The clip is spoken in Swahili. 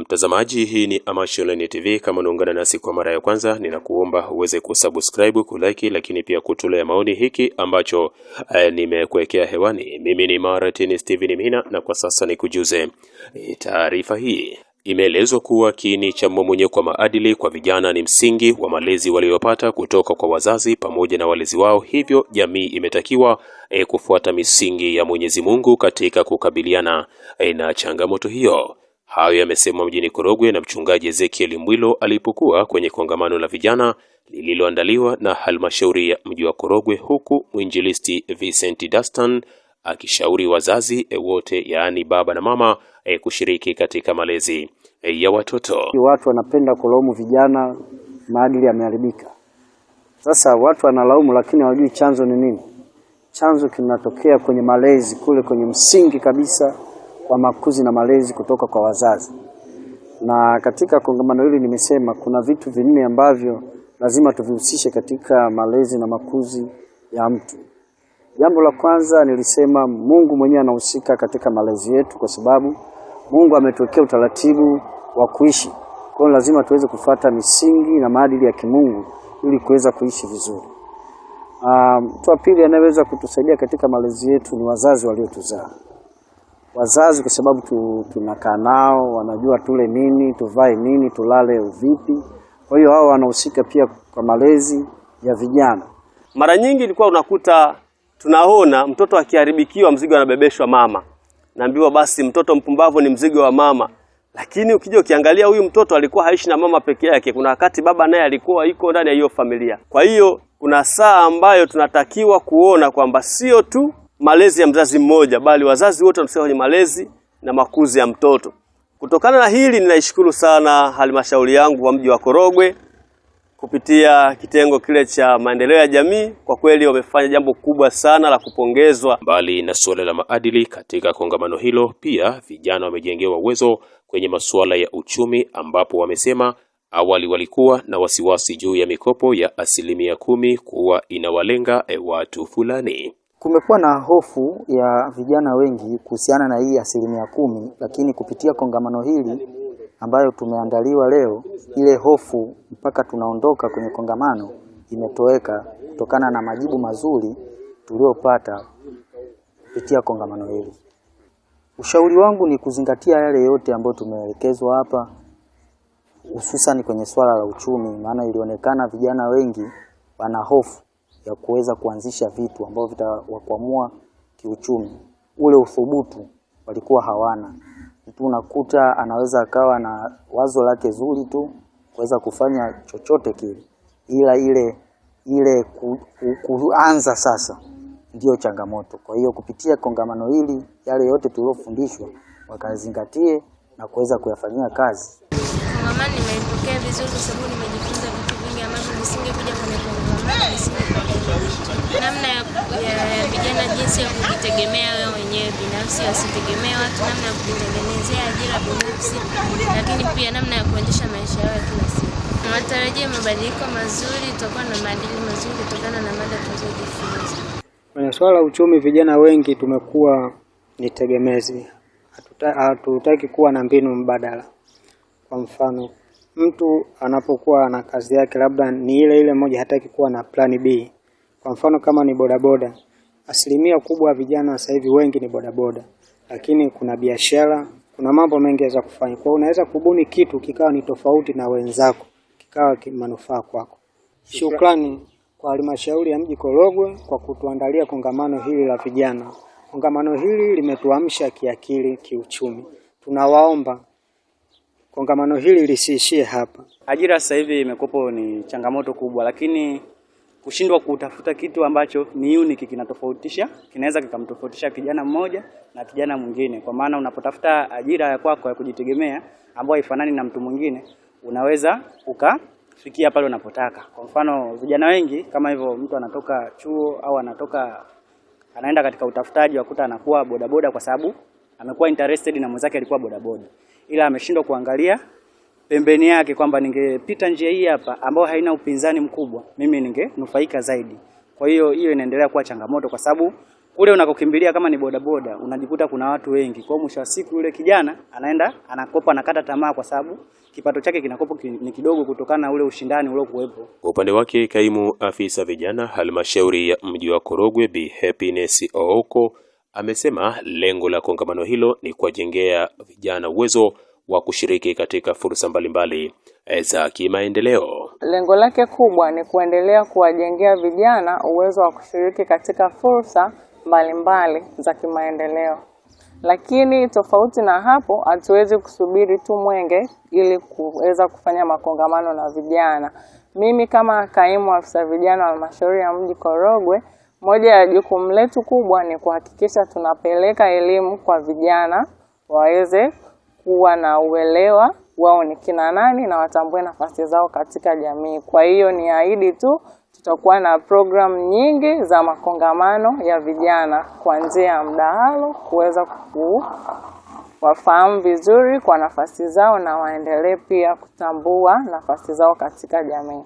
Mtazamaji, hii ni Amash Online TV. Kama unaungana nasi kwa mara ya kwanza, ninakuomba uweze kusubscribe, kulike, lakini pia kutolea maoni hiki ambacho eh, nimekuwekea hewani. Mimi ni Martin Steven Mina, na kwa sasa nikujuze eh, taarifa hii. Imeelezwa kuwa kiini cha mmomonyoko wa maadili kwa vijana ni msingi wa malezi waliyopata kutoka kwa wazazi pamoja na walezi wao, hivyo jamii imetakiwa eh, kufuata misingi ya Mwenyezi Mungu katika kukabiliana eh, na changamoto hiyo. Hayo yamesemwa mjini Korogwe na mchungaji Ezekiel Mwilo alipokuwa kwenye kongamano la vijana lililoandaliwa na halmashauri ya mji wa Korogwe, huku mwinjilisti Vincent Dastan akishauri wazazi e wote, yaani baba na mama e, kushiriki katika malezi e, ya watoto. Watu wanapenda kulaumu vijana, maadili yameharibika. Sasa watu wanalaumu, lakini hawajui chanzo ni nini. Chanzo kinatokea kwenye malezi kule, kwenye msingi kabisa kwa makuzi na malezi kutoka kwa wazazi. Na katika kongamano hili nimesema kuna vitu vinne ambavyo lazima tuvihusishe katika malezi na makuzi ya mtu. Jambo la kwanza nilisema, Mungu mwenyewe anahusika katika malezi yetu, kwa sababu Mungu ametuwekea utaratibu wa kuishi. Kwa hiyo lazima tuweze kufuata misingi na maadili ya kimungu ili kuweza kuishi vizuri. Mtu um, wa pili anayeweza kutusaidia katika malezi yetu ni wazazi waliotuzaa wazazi, kwa sababu tunakaa nao, wanajua tule nini, tuvae nini, tulale uvipi. Kwa hiyo hao wanahusika pia kwa malezi ya vijana. Mara nyingi ilikuwa unakuta tunaona mtoto akiharibikiwa, mzigo anabebeshwa mama, naambiwa basi mtoto mpumbavu ni mzigo wa mama. Lakini ukija ukiangalia, huyu mtoto alikuwa haishi na mama peke yake, kuna wakati baba naye alikuwa iko ndani ya hiyo familia. Kwa hiyo kuna saa ambayo tunatakiwa kuona kwamba sio tu malezi ya mzazi mmoja, bali wazazi wote wanahusika kwenye malezi na makuzi ya mtoto. Kutokana na hili, ninaishukuru sana halmashauri yangu wa mji wa Korogwe kupitia kitengo kile cha maendeleo ya jamii, kwa kweli wamefanya jambo kubwa sana la kupongezwa. Mbali na suala la maadili, katika kongamano hilo pia vijana wamejengewa uwezo kwenye masuala ya uchumi, ambapo wamesema awali walikuwa na wasiwasi juu ya mikopo ya asilimia kumi kuwa inawalenga eh, watu fulani. Kumekuwa na hofu ya vijana wengi kuhusiana na hii asilimia kumi, lakini kupitia kongamano hili ambayo tumeandaliwa leo, ile hofu mpaka tunaondoka kwenye kongamano imetoweka kutokana na majibu mazuri tuliyopata kupitia kongamano hili. Ushauri wangu ni kuzingatia yale yote ambayo tumeelekezwa hapa, hususan kwenye swala la uchumi, maana ilionekana vijana wengi wana hofu ya kuweza kuanzisha vitu ambavyo vitawakwamua kiuchumi. Ule uthubutu walikuwa hawana. Mtu unakuta anaweza akawa na wazo lake zuri tu kuweza kufanya chochote kile, ila ile ile ku, ku, kuanza sasa ndiyo changamoto. Kwa hiyo kupitia kongamano hili, yale yote tuliyofundishwa wakazingatie na kuweza kuyafanyia kazi. Kongamano limetokea vizuri sababu nimejifunza vitu vingi ambavyo nisingekuja kwenye namna ya vijana jinsi ya kujitegemea wao wenyewe binafsi, wasitegemee watu, namna ya kujitengenezea ajira binafsi, lakini pia namna ya kuendesha maisha yao ya kila siku. Watarajia mabadiliko mazuri, tutakuwa na maadili mazuri kutokana na mada tulizojifunza. Kwenye swala la uchumi, vijana wengi tumekuwa ni tegemezi, hatutaki kuwa na mbinu mbadala. Kwa mfano mtu anapokuwa na kazi yake labda ni ile ile moja, hataki kuwa na plan B. Kwa mfano kama ni bodaboda, asilimia kubwa ya vijana sasa hivi wengi ni bodaboda, lakini kuna biashara, kuna mambo mengi yaweza kufanya. Kwa unaweza kubuni kitu kikawa ni tofauti na wenzako, kikawa manufaa kwako. Shukrani kwa halmashauri ya mji Korogwe kwa kutuandalia kongamano hili la vijana. Kongamano hili limetuamsha kiakili, kiuchumi. Tunawaomba kongamano hili lisiishie hapa. Ajira sasa hivi imekuwepo ni changamoto kubwa, lakini kushindwa kutafuta kitu ambacho ni unique kinatofautisha, kinaweza kikamtofautisha kijana mmoja na kijana mwingine, kwa maana unapotafuta ajira ya kwako ya kujitegemea ambayo haifanani na mtu mwingine, unaweza ukafikia pale unapotaka. Kwa mfano, vijana wengi kama hivyo, mtu anatoka chuo au anatoka anaenda katika utafutaji, wakuta anakuwa bodaboda kwa sababu amekuwa interested na mwenzake alikuwa bodaboda ila ameshindwa kuangalia pembeni yake kwamba ningepita njia hii hapa ambayo haina upinzani mkubwa, mimi ningenufaika zaidi. Kwa hiyo hiyo inaendelea kuwa changamoto, kwa sababu kule unakokimbilia kama ni bodaboda unajikuta kuna watu wengi. Kwa hiyo mwisho wa siku yule kijana anaenda anakopa, anakata tamaa, kwa sababu kipato chake kinakopo ni kidogo kutokana na ule ushindani uliokuwepo. Kwa upande wake, kaimu afisa vijana halmashauri ya mji wa Korogwe Bi Happiness Ooko Amesema lengo la kongamano hilo ni kuwajengea vijana uwezo wa kushiriki katika fursa mbalimbali eh, za kimaendeleo. Lengo lake kubwa ni kuendelea kuwajengea vijana uwezo wa kushiriki katika fursa mbalimbali za kimaendeleo. Lakini tofauti na hapo, hatuwezi kusubiri tu Mwenge ili kuweza kufanya makongamano na vijana. Mimi kama kaimu afisa vijana wa halmashauri ya mji Korogwe moja ya jukumu letu kubwa ni kuhakikisha tunapeleka elimu kwa vijana waweze kuwa na uelewa wao ni kina nani na watambue nafasi zao katika jamii. Kwa hiyo ni ahidi tu, tutakuwa na programu nyingi za makongamano ya vijana kuanzia ya mdahalo kuweza kuwafahamu vizuri kwa nafasi zao na waendelee pia kutambua nafasi zao katika jamii.